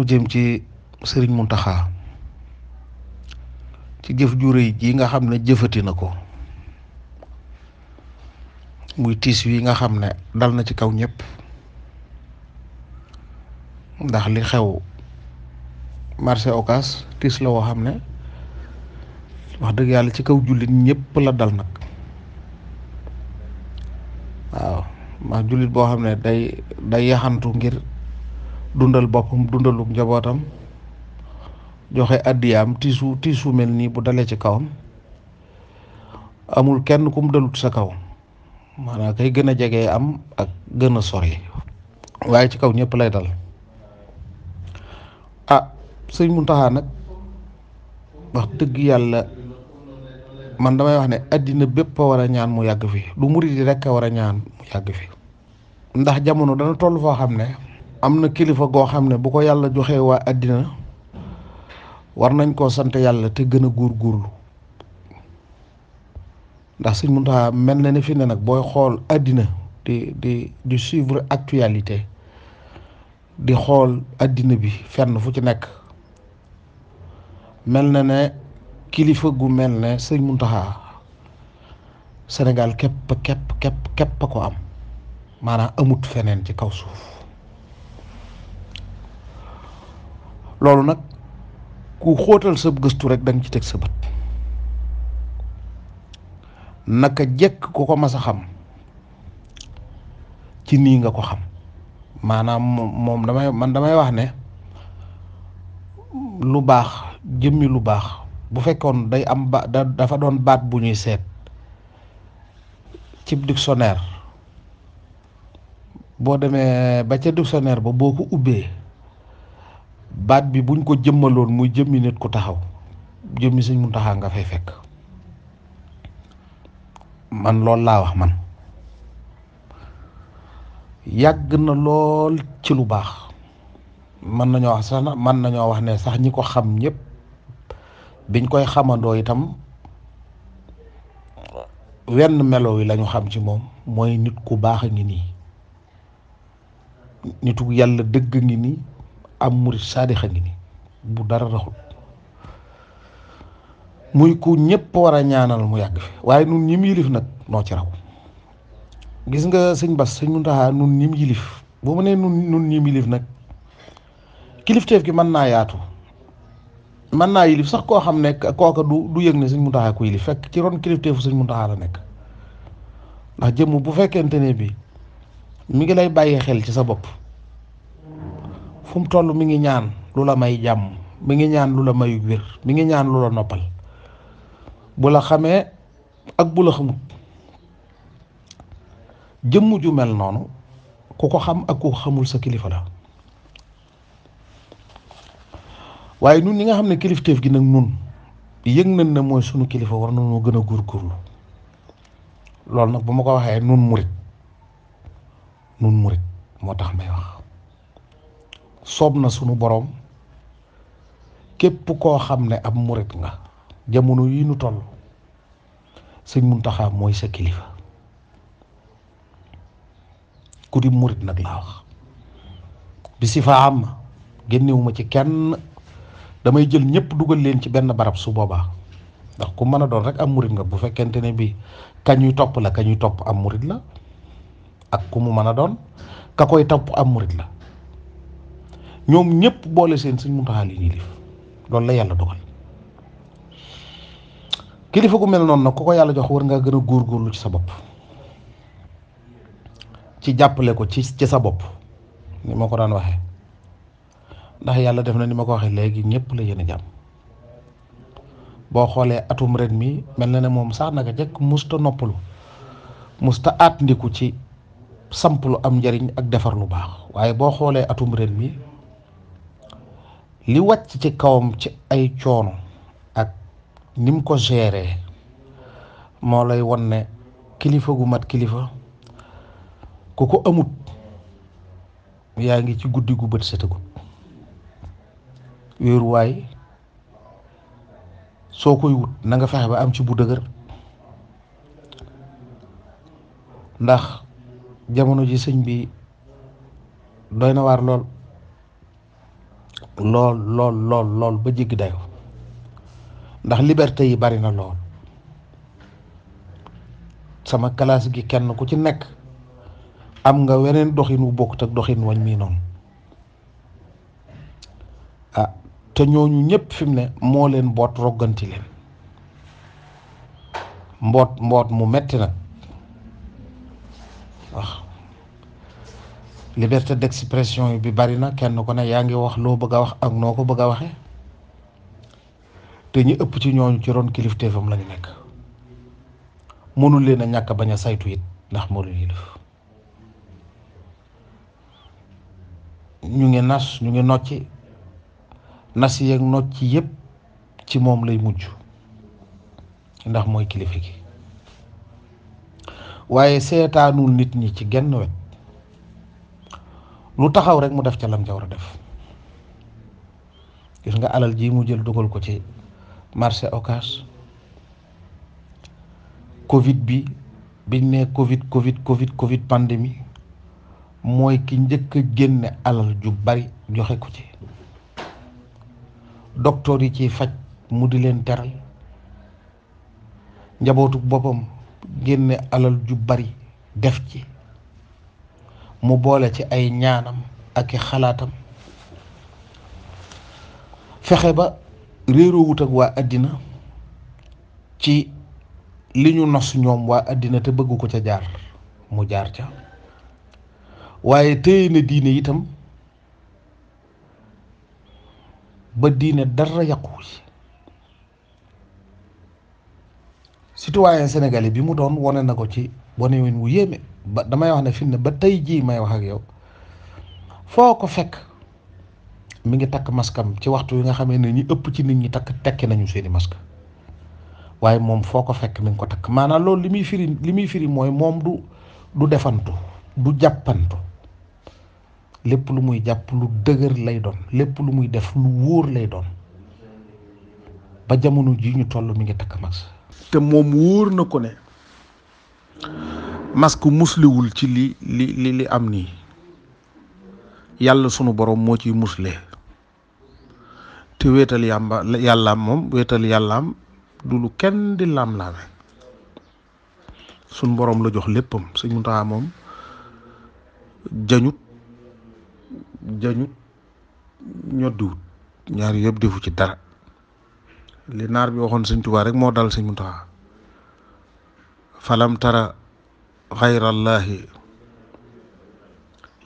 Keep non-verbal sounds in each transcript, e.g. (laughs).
mu jëm ci sëriñ Muntaxa ci jëf ju rëy ji nga xam ne jëfati na ko muy tiis wi nga xam ne dal na ci kaw ñëpp ndax li xew marché Ocass tiis la woo xam ne wax dëgg yàlla ci kaw jullit ñëpp la dal na waaw ma jullit boo xam ne day day yaxantu ngir dundal boppam dundaluk njabootam joxe addiyaam tiisu tiisu nii bu dalee ci kawam amul kenn ku mu dalut sa kaw maanaam kay gën a jege am ak gën a sori waaye ci kaw ñëpp lay dal ah sëñ Muntaxa nag wax dëgg yàlla man damay wax ne addina bépp a war a ñaan mu yàgg fi du murid yi a war a ñaan yàgg fi ndax jamono dana toll foo xam ne am na kilifa goo xam ne bu ko yàlla joxee waa àddina war nañ koo sant yàlla te gën a góorgóorlu ndax sëñ Muntaxa mel na ne fi ne nag booy xool àddina di di di suivre actualité di xool àddina bi fenn fu ci nekk mel na ne kilifa gu mel ne sëñ Muntaxa Sénégal képp képp képp képp ko am maanaa amut feneen ci kaw suuf loolu nag ku xóotal sa gëstu rek da nga ci teg sa bët naka jekk ku ko mas a xam ci nii nga ko xam maanaam moom damay man damay wax ne lu baax jëmmi lu baax bu fekkoon day am ba dafa doon baat bu ñuy seet cib dictionnaire boo demee ba ca dictionnaire ba boo ko ubbee baat bi buñ ko jëmmaloon muy jëmmi nit ku taxaw jëmmi sëñ Muntaxa nga fay fekk man lool laa wax man yàgg na lool ci lu baax mën nañoo wax sax mën nañoo wax ne sax ñi ko xam ñëpp biñ koy xamandoo itam wenn melo wi lañu xam ci moom mooy nit ku baax a ngi nii nitu yàlla dëgg ngi nii am murit saadixa ngi ni bu dara raxul muy ku ñëpp war a ñaanal mu yàgg fi waaye nun ñi yilif nag noo ci raw gis nga sëñ Bas sëñ Muntaxa nun ñi yilif boo ma nee nun nun yilif nag kilifteef gi mën naa yaatu mën naa yilif sax koo xam ne kooka du du yëg ne sëñ Muntaxa ku yilif fekk ci ron kilifteefu sëñ Muntaxa la nekk ndax jëmm bu fekkente ne bi mu ngi lay bàyyi xel ci sa bopp fu mu toll mi ngi ñaan lu la may jàmm mi ngi ñaan lu la mayu wér mi ngi ñaan lu la noppal bu la ak bu la xamut jëmm ju mel noonu ku ko xam ak ku xamul sa kilifa waaye nun ñi nga xam ne kilifteef gi nag nun yëg nañ ne mooy sunu kilifa war nañoo gën a góorgóorlu loolu nag bu ma ko waxee nun murit nun murit moo tax may wax soob na sunu boroom képp koo xam ne ab murit nga jamono yi nu toll sëñ Muntaxa mooy sa kilifa ku di murit nag laa wax bi si fa am génnewuma ci kenn damay jël ñëpp dugal leen ci benn barab su boobaa ndax ku mën a doon rek am murit nga bu fekkente ne bi kañuy topp la kañuy topp am murit la ak ku mu mën a doon ka koy topp am murit la ñoom ñëpp boole seen sëñ Muntaxa li ñuy lif loolu la yàlla dogal kilifa gu mel noonu nag ku ko yàlla jox war ngaa gën a góorgóorlu ci sa bopp ci jàppale ko ci ci sa bopp ni ma ko daan waxe ndax yàlla def na ni ma ko waxee léegi ñëpp la yéen a jàmm boo xoolee atum ren mi mel na ne moom sax naka jekk musta noppalu musta aat ndiku ci samp am njariñ ak defar lu baax waaye boo xoolee atum ren mi li wàcc ci kawam ci ay coono ak ni ko géré moo lay won kilifa gu mat kilifa ku ko amut yaa ngi ci guddi gu bët setagut wéeruwaay soo koy wut na nga fexe ba am ci bu dëgër ndax jamono ji sëñ bi doy na waar lool lool lool lool lool ba jéggi dayoo ndax liberté yi bari na lool sama classe gi kenn ku ci nekk am nga weneen doxin wu bokk ak doxin wañ mii noonu ah te ñooñu ñëpp fi mu ne moo leen boot rogganti leen mboot mboot mu metti nag liberté d'expression bi bari na kenn ku ne yaa ngi wax loo bëgg wax ak noo ko bëgg a waxee te ñu ëpp ci ñooñu ci ron kilifteefam la lañu nekk mënul leen a ñàkk bañ a saytu it ndax moo leen ñu ngi nas ñu ngi nocci nas yeeg nocci yépp ci moom lay mujj ndax mooy kilifa gi waaye seetaanul nit ñi ci genn wet lu taxaw rek mu def ca lam ca war a def gis nga alal ji mu jël dugal ko ci marché Ocass covid bi biñ ne covid covid covid covid pandémie mooy ki njëkk a génne alal ju bari joxe ko ci docteur yi ci faj mu di leen teral njabootu boppam génne alal ju bari def ci mu boole ci ay ñaanam ak i xalaatam fexe ba réeroo wut ak waa àddina ci li ñu nos ñoom waa àddina te bëgg ko ca jaar mu jaar ca waaye téye na diine itam ba diine dara yàquwu ci citoyen sénégalais bi mu doon wone na ko ci bonewin wu yéeme ba damay wax ne fi mu ne ba tey jii may wax ak yow foo ko fekk mu ngi takk maskam ci waxtu wi nga xamee ne ñi ëpp ci nit ñi takk tekki nañu seeni masque waaye moom foo ko fekk mi ngi ko takk maanaam loolu li muy firi li muy firi mooy moom du du defantu du jàppantu lépp lu muy jàpp lu dëgër lay doon lépp lu muy def lu wóor lay doon ba jamono ji ñu toll mi ngi takk mask te moom wóor na ko ne masque muslewul ci li li li li am nii yàlla sunu boroom moo ciy musle te wéetal yàmba yàllaam moom wéetal yàllaam du lu kenn di laam-laame sunu boroom la jox léppam sëñ Muntaxa moom jañut jañut ñoddiwut ñaar yëpp defu ci dara li naar bi waxoon sëñ Tuubaa rek moo dal sëñ Muntaxa falam tara xayrallaahi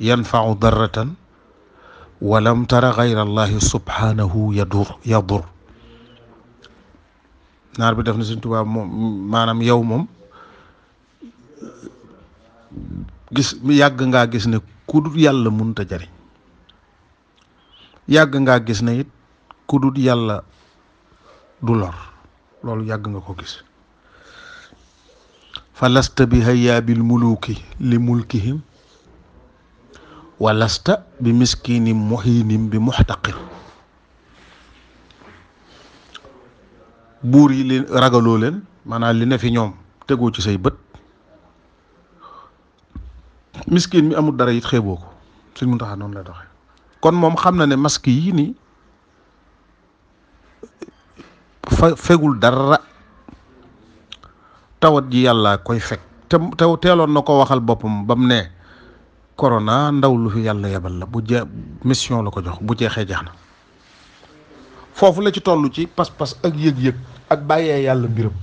yanfaau darratan walam tara xayrallaahi subhaanahu yadur yadur naar bi def na Sëñ Tuubaa moom yow moom gis yàgg ngaa gis ne ku dul yàlla mënut a jariñ yàgg ngaa gis na it ku dul yàlla du lor yàgg nga ko gis fa lasta bi hayaabil muluuki li mulkihim wa lasta bi miskinim muhinim bi muxtaqir buur yi li ragaloo leen maanaam li ne fi ñoom tegoo ci say bët miskin mi amul dara it xeeboo ko suñ mun taxaa noonu la doxe kon moom xam na ne masque yi nii fegul dara tawat ji yàlla koy fekk te te teeloon na ko waxal boppam ba mu ne corona ndaw lu fi yàlla yebal la bu jeex mission la ko jox bu jeexee jeex na foofu la ci tollu ci pas-pas ak yëg-yëg ak bàyyee yàlla mbiram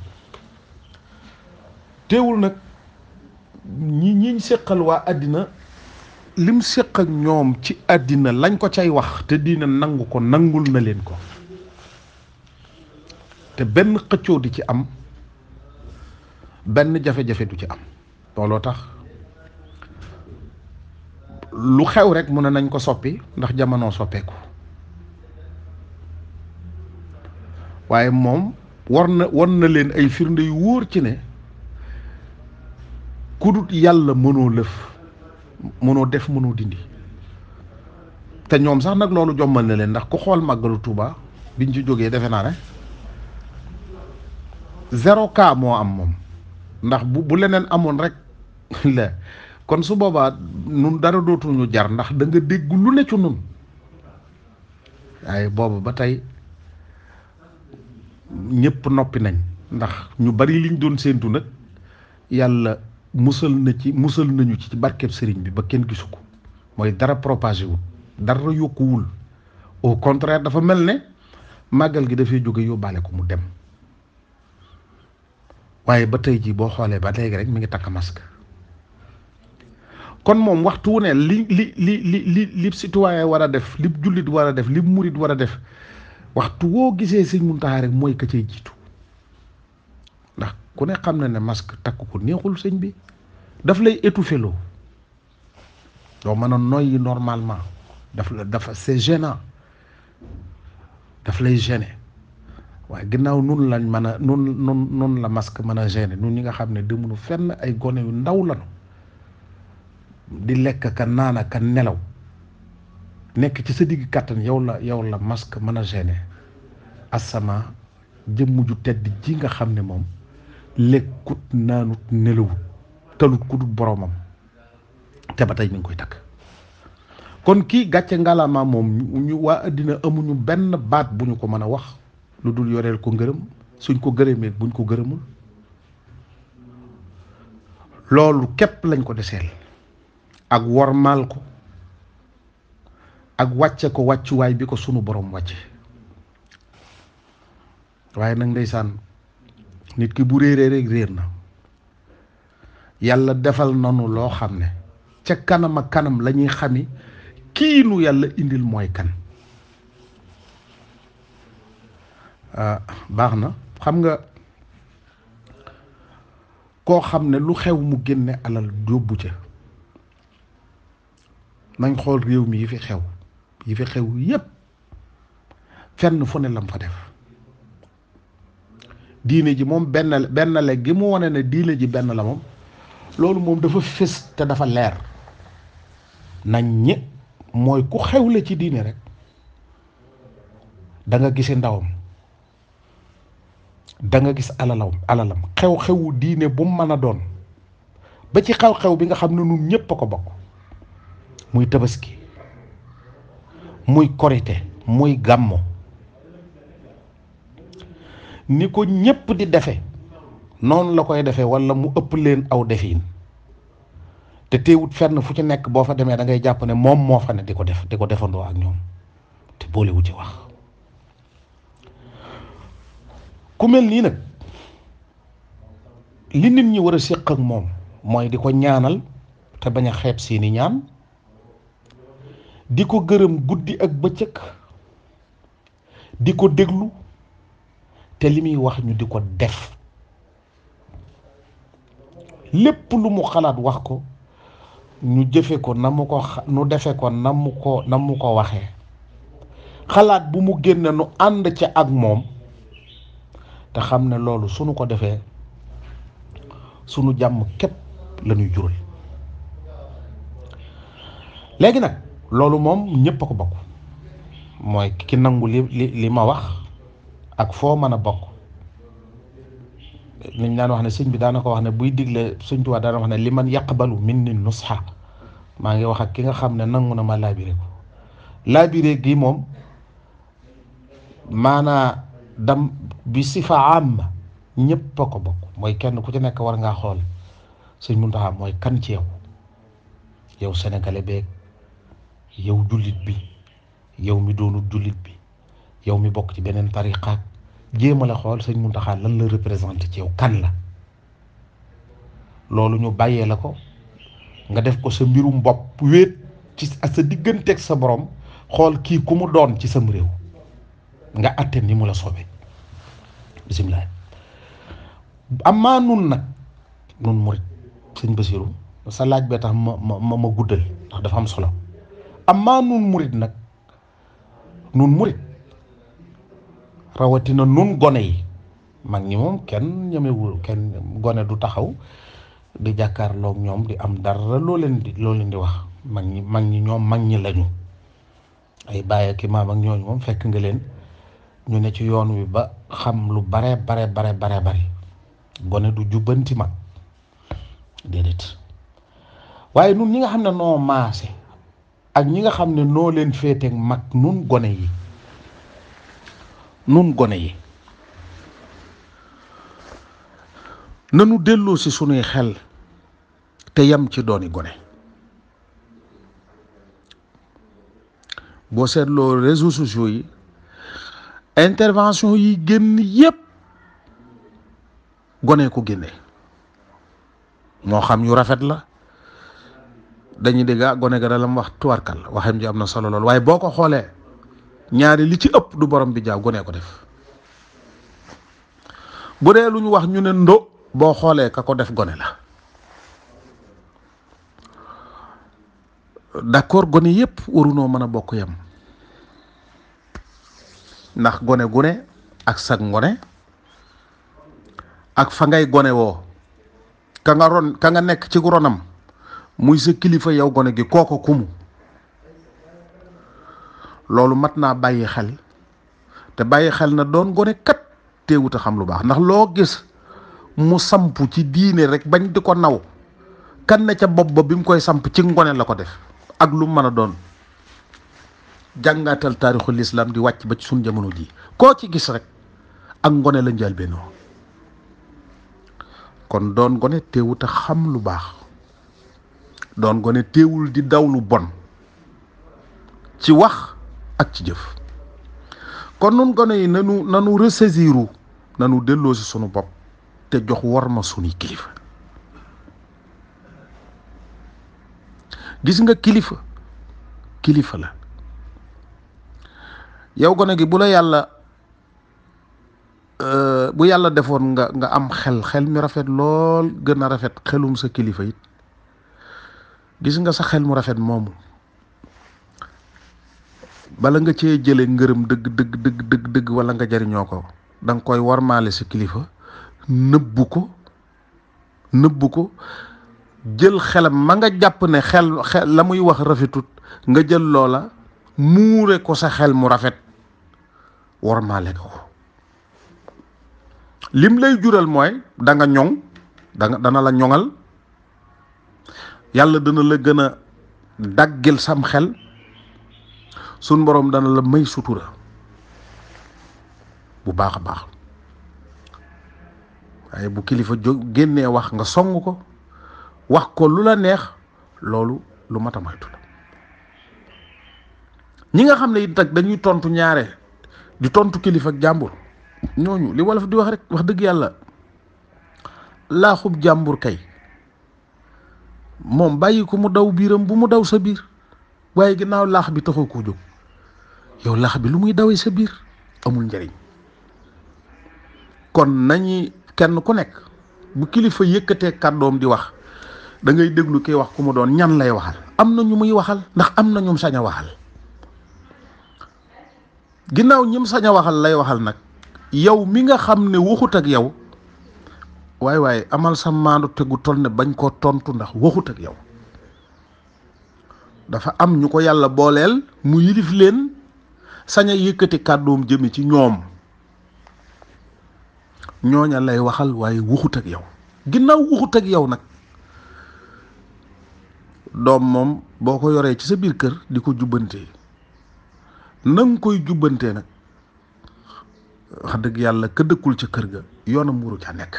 teewul nag ñi ñiñ séqal waa àddina lim séq ak ñoom ci àddina lañ ko cay wax te dina nangu ko nangul na leen ko te benn xëccoo di ci am benn jafe-jafe du ci am looloo tax lu xew rek ne nañ ko soppi ndax jamono soppeeku waaye moom war na war na leen ay firnde yu wóor ci ne kudut yàlla mënoo lëf mënoo def mënoo dindi te ñoom sax nag loolu jommal na leen ndax ku xool màggalu Tuuba biñ ci jógee defe naa ne zéro cas moo am moom ndax bu bu leneen amoon rek (laughs) la kon su boobaa nun dara dootuñu jar ndax da dégg lu ne ci nun waaye booba ba tey ñëpp noppi nañ ndax ñu bari liñ doon séentu nag yàlla musal na ci musal nañu ci barkeb sëriñ bi ba kenn gisu ko mooy dara propagé wul dara yokkuwul au contraire dafa mel ne màggal gi dafay jóge yóbbaale ko mu dem waaye ba tey jii boo xoolee ba léegi rek mi ngi takk masque kon moom waxtu wu ne li li li li li li citoyen war a def li jullit war a def li murit war a def waxtu woo gisee sëñ Muntaxa rek mooy ka cay jiitu ndax ku ne xam na ne masque takk ko neexul sëñ bi daf lay étouffé loo doo mën a noyyi normalement daf la dafa c'est gênant daf lay gêner waaye ginnaaw nun lañ mën a nun nun la masque mën a gêner nun ñi nga xam ne demunu fenn ay gone yu ndaw lañu di lekk ka naan ka nelaw nekk ci sa digg kàttan yow la yow la masque mën a gêner sama jëmm ju tedd ji nga xam ne moom lekkut naanut nelawut talut ku dul boromam te ba tey ñu ngi koy takk kon kii gàcce ngalaama moom ñu waa àddina amuñu benn baat bu ñu ko mën a wax lu dul yoreel ko ngërëm suñ ko gërëmee buñ ko gërëmul loolu képp lañ ko deseel ak wormaal ko ak wàcce ko wàccuwaay bi ko sunu borom wàcce waaye nag ndeysaan nit ki bu réeree rek réer na yàlla defal nanu loo xam ne ca kanam kanam lañuy xami kii nu yàlla indil mooy kan Ah, baax na xam nga koo xam ne lu xew mu génne alal yóbbu ca nañ xool réew mi yi fi xew yi fi xew yépp fenn fu ne lam fa def diine ji moom benn benn la gi mu wane ne diine ji benn la moom loolu moom dafa fés te dafa leer nañ ñi mooy ku xewle ci diine rek danga nga gise ndawam da nga gis alalaw alalam xew-xewu diine bu mu mën a doon ba ci xew-xew bi nga xam ne ñun ñëpp a ko bokk muy tabaski muy korite muy gàmmo ni ko ñëpp di defe noonu la koy defee walla mu ëpp leen aw defiin te teewut fenn fu ci nekk boo fa demee da ngay jàpp ne moom moo fa ne di ko def di ko defandoo ak ñoom te boolewu ci wax ku mel nii nag li nit ñi war a séq ak moom mooy di ko ñaanal te bañ a xeeb seeni ñaan di ko gërëm guddi ak bëccëg di ko déglu te li muy wax ñu di ko def lépp lu mu xalaat wax ko ñu jëfe ko na mu ko nu defe ko na mu ko na mu ko waxee xalaat bu mu génne nu ànd ca ak moom te xam ne loolu sunu ko defee sunu jàmm képp la ñuy jural léegi nag loolu moom ñëpp a ko bokk mooy ki nangu li li ma wax ak foo mën a bokk liñ daan wax ne sëñ bi daana ko wax ne buy digle sëñ Tuubaa daana wax ne li man yaqbalu min ni nusxa maa ngi wax ak ki nga xam ne nangu na ma laabire ko moom maanaa dam bi sifa am ñëpp a ko bokk mooy kenn ku ci nekk war ngaa xool sëñ Muntaxa mooy kan ci yow yow sénégalais beeg yow jullit bi yow mi doonul jullit bi yow mi bokk ci beneen tariqaak jéem a la xool sëñ Muntaxa lan la représenté ci yow kan la loolu ñu bàyyee la ko nga def ko sa mbirum bopp wéet ci sa digganteeg sa borom xool kii ku mu doon ci sam réew nga atte ni mu la soobee. bisimilah amaa nun nag nun murit sëñ Basiru sa laaj bee tax ma ma ma guddal ndax dafa am solo amaa nun murit nag nun murit rawatina nun gone yi mag ñi moom kenn ñemewul kenn gone du taxaw di jàkkaarloog ñoom di am dara loo leen di loo leen di wax mag ñi mag ñi ñoom mag ñi lañu ay bàyyi ki maam ñooñu moom fekk nga leen ñu ne ci yoon wi ba xam lu bare bare bare bare bari gone du jubbanti mag déedéet waaye nun ñi nga xam ne noo maase ak ñi nga xam ne noo leen féeteeg mag nun gone yi nun gone yi nanu delloo ci sunuy xel te yam ci dooni gone boo seetloo réseaux sociaux yi intervention yi génn yépp gone ko génne moo xam yu rafet la dañuy dégg ah gone ga da la mu wax tuwarkal waxam ji am na solo lool waaye boo ko xoolee ñaari li ci ëpp du borom bi jaaw gone ko def bu dee lu ñu wax ñu ne ndo boo xoolee ka ko def gone la d'accord gone yépp warunoo mën a bokk yam ndax gone gune ak sag ngone ak fa ngay gone woo ka nga ron ka nga nekk ci ronam muy sa kilifa yow gone gi kooko kumu loolu mat naa bàyyi xel te bàyyi xel na doon gone kat teewut a xam lu baax ndax loo gis mu samp ci diine rek bañ di ko naw kan na ca bopp ba bi mu koy samp ci ngone la ko def ak lu mën a doon jàngaatal taarixul islam di wàcc ba ci sunu jamono ji koo ci gis rek ak ngone la njaal bennoo kon doon gone teewut a xam lu baax doon gone teewul di daw lu bon ci wax ak ci jëf kon nun gone yi nanu nanu nanu delloo si sunu bopp te jox war ma sunuy kilifa gis nga kilifa kilifa la yow gone gi bu la yàlla euh, bu yàlla defoon nga nga am xel xel mi rafet lool gën a rafet xelum sa kilifa it gis nga sa xel mu rafet moomu bala nga cee jëlee ngërëm dëgg dëgg dëgg dëgg dëgg wala nga jariñoo ko da nga koy warmaale sa kilifa nëbbu ko nëbbu ko jël xelam ma nga jàpp ne xel xel la muy wax rafetut nga jël loola. muure ko sa xel mu rafet war maale ko lim lay jural mooy danga nga ñoŋ dana la ñoŋal yàlla dana la gën a daggil sam xel sun boroom dana la may sutura bu baax a baax waaye bu kilifa jóg génnee wax nga song ko wax ko lu la neex loolu lu mat a moytu la ñi nga xam ne it nag dañuy tontu ñaare di tontu kilifa ak jàmbur ñooñu li wolof di wax rek wax dëgg yàlla laaxub jàmbur kay moom bàyyi ko mu daw biiram bu mu daw sa biir waaye ginnaaw laax bi taxoo ko jóg yow laax bi lu muy dawee sa biir amul njariñ kon nañu kenn ku nekk bu kilifa yëkkatee kàddoom di wax dangay ngay déglu kiy wax ku mu doon ñan lay waxal am na ñu muy waxal ndax am na ñum sañ waxal ginnaaw ñim saña waxal lay waxal nag yow mi nga xam ne waxut ak yow waaye waaye amal sa maandu tegu tol ne bañ koo tontu ndax waxut ak yow dafa am ñu ko yàlla booleel mu yilif leen sañ a yëkkati kàddoom jëme ci ñoom ñooña lay waxal waaye waxut ak yow ginnaaw waxut ak yow nag doom moom boo ko yoree ci sa biir kër di ko jubbante na koy jubbantee nag wax dëgg yàlla ka dëkkul ca kër ga yoonam mburu ca nekk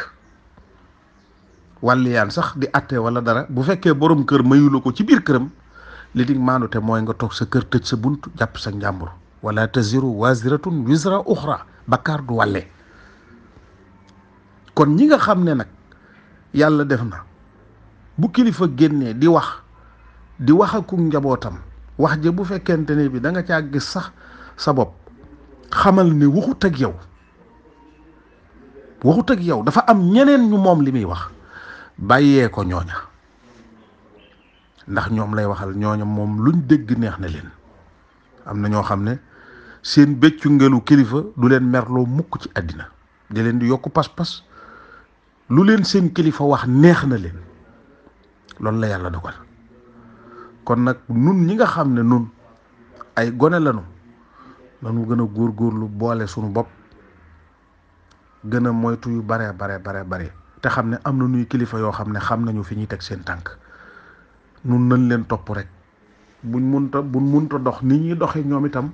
wàlliyaan sax di atte wala dara bu fekkee boroom kër mayula ko ci biir këram li dig maandu te mooy nga toog sa kër tëj sa bunt jàpp sa njàmbur wala taziru waziratun wizra uxra bakkaar du wàlle kon ñi nga xam ne nag yàlla def na bu kilifa génnee di wax di waxaku njabootam wax jë bu fekkente ne bi da nga caa gis sax sa bopp xamal ne waxut ak yow waxut ak yow dafa am ñeneen ñu moom li muy wax bàyyee ko ñooña ndax ñoom lay waxal ñooña moom luñ dégg neex na leen am na ñoo xam ne seen bëccu ngelu kilifa du leen merloo mukk ci àddina di leen di yokku pas-pas lu leen seen kilifa wax neex na leen loolu la yàlla dogal kon nag nun ñi nga xam ne nun ay gone lañu lañu gën a góorgóorlu boole suñu bopp gën a moytu yu bare bare bare bare te xam ne am na nuy kilifa yoo xam ne xam nañu fi ñuy teg seen tànk nun nañ leen topp rek buñ munta dox ni ñuy doxee ñoom itam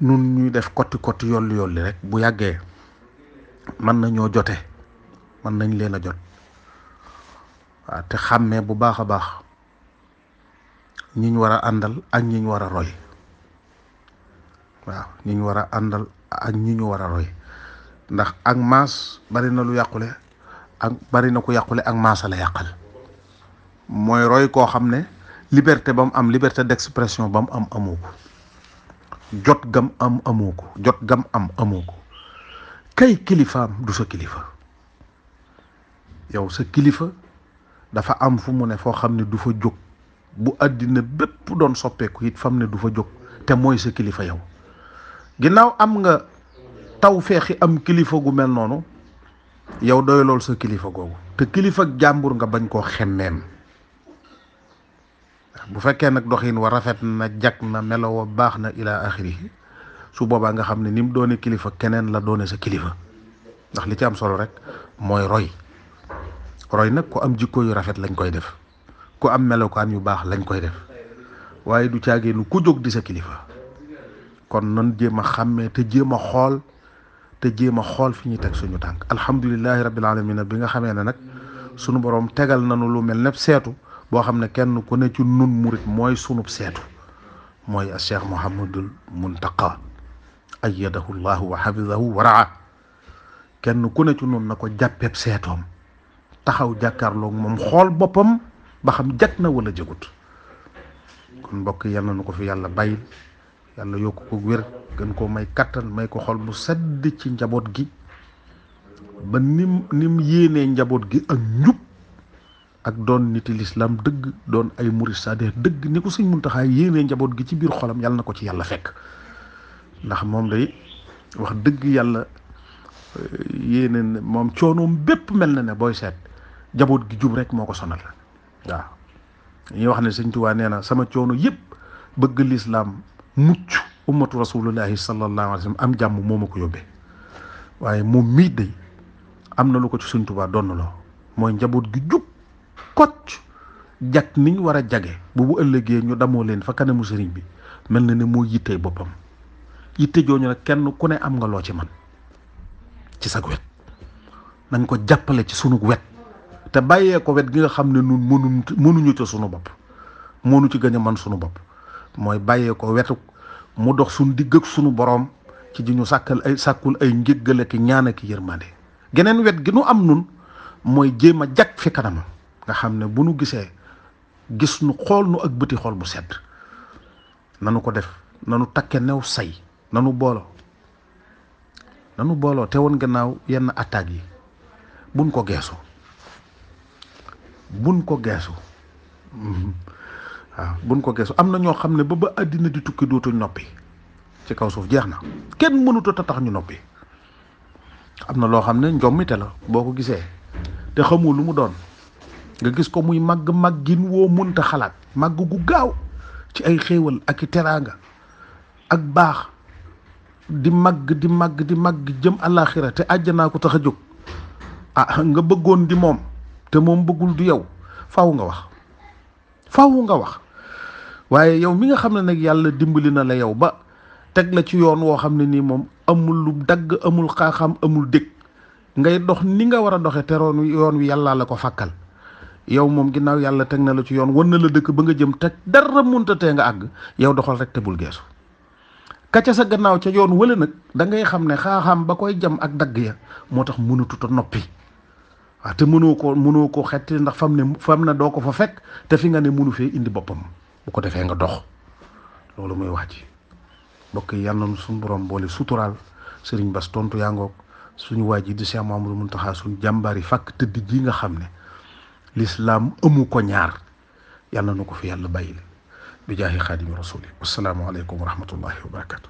nun ñuy def kotti kotti yolli yolli rek bu yàggee mën nañoo jote mën nañ leen a jot waaw te xàmmee bu baax a baax ñi ñu war a àndal ak ñi ñu war a roy waaw ñi war a àndal ak ñi ñu war a ndax ak maas bari na lu yàqule ak bari na ku yàqule ak maasa yàqal mooy roy koo xam ne liberté ba mu am liberté d'expression ba mu am amoo ko jot gam am amoo am amoo ko kay kilifaam du sa kilifa yow sa kilifa dafa am fu mu ne foo xam ne du fa jóg bu àddina bépp doon soppeeku it fam ne du fa jóg te mooy sa kilifa yow ginnaaw am nga taw feexi am kilifa gu mel noonu yow doy lool sa kilifa googu te kilifa jàmbur nga bañ koo xemmeem bu fekkee nag doxin wa rafet na jag na melo baax na ila axirihi su boobaa nga xam ne ni mu doone kilifa keneen la doone sa kilifa ndax li ci am solo rek mooy roy roy nag ku am jikko yu rafet lañ koy def ku am melokaan yu baax lañ koy def waaye du caageenu ku jóg di sa kilifa kon nan jéem a xàmmee te jéem a xool te jéem a xool fi ñuy teg suñu tànk alhamdulilahi rabbil alamina bi nga xamee ne nag sunu boroom tegal nañu lu mel ne seetu boo xam ne kenn ku ne ci nun murit mooy sunub seetu mooy a cheikh mouhamadul muntaqa ayyadahu llahu wa xafidahu wa raa kenn ku ne ci nun na ko jàppeeb seetoom taxaw jàkkaarloog moom xool boppam ba xam jag na wala jagut kon mbokk yal na nu ko fi yàlla bàyyil yàlla yokku ko wér gën koo may kattan may ko xol bu sedd ci njaboot gi ba nim nim yéenee njaboot gi ak njub ak doon niti lislaam dëgg doon ay murid saadix dëgg ni ko sëñ Muntaxa yéenee njaboot gi ci biir xolam yàlla na ko ci yàlla fekk ndax moom day wax dëgg yàlla eh, yéeneen moom coonoom bépp mel na ne booy seet njaboot gi jub rek moo ko sonal waaw dañuy wax ne sëñ Tuubaa nee na sama coono yëpp bëgg lislaam mucc ummatu rasulullahi sallallahu alayhi wa sallam am jàmm moo ma ko yóbbee waaye moom mii day am na lu ko ci sëñ Tuubaa donn loo mooy njaboot gi jub kocc jag niñ war a jage bu ëllëgee ñu damoo leen fa kanamu sëriñ bi mel na ne moo yittee boppam yitte jooñu nag kenn ku ne am nga loo ci man ci sag wet nañ ko jàppale ci sunu wet te bàyyee ko wet gi nga xam ne nun mënuñ mënuñu ca sunu bopp mënu ci gën a mën sunu bopp mooy bàyyee ko wetu mu dox suñ digg ak sunu boroom ci di ñu sàkkal ay sàkkul ay njëggal ak ñaan ak yërmande geneen wet gi nu am nun mooy jéem a jag fi kanamam nga xam ne bu nu gisee gis nu xool nu ak bëti xool bu sedd nanu ko def nanu takke new say nanu booloo nanu booloo te woon gannaaw yenn attaques yi buñ ko geesoo bun ko geesu waaw buñ ko geesu am na ñoo xam ne ba ba àddina di tukki dootuñ noppi ci kaw suuf jeex na kenn mënuta ta ñu noppi am na loo xam ne njommite la boo ko gisee te xamoo lu mu doon nga gis ko muy màgg màggin woo mënta xalaat màgg gu gaaw ci ay xéewal ak i teraanga ak baax di màgg di màgg di màgg jëm àllaaxira te naa ko tax a jóg ah nga bëggoon di moom te moom bëggul du yow faw nga wax faaw nga wax waaye yow mi nga xam ne nag yàlla dimbali na la yow ba teg la ci yoon woo xam ne nii moom amul lu dagg amul xaaxam amul dëkk ngay dox ni nga war a doxe te roon yoon wi yàllaa la ko fàkkal yow moom ginnaaw yàlla teg na la ci yoon wan na la dëkk ba nga jëm teg dara munta tee nga àgg yow doxal rek te bul geesu kacca sa gannaaw ca yoon wala nag dangay xam ne xaaxam ba koy jam ak dagg ya moo tax mënatut a noppi ah te mënoo ko mënoo ko xett ndax fam ne fam na doo ko fa fekk te fi nga ne mënu fee indi boppam bu ko defee nga dox loolu muy wax ji mbokk yi yàlla na suñu borom boole suturaal sëriñ Bas tontu yaa suñu waa ji di Cheikh Mamadou Mountakha suñu jàmbaari fàkk tëdd ji nga xam ne lislaam amu ko ñaar yàlla nu ko fi yàlla bàyyi la bi jaahi xaadimi rasuli wassalaamu aleykum wa rahmatullahi wa barakatu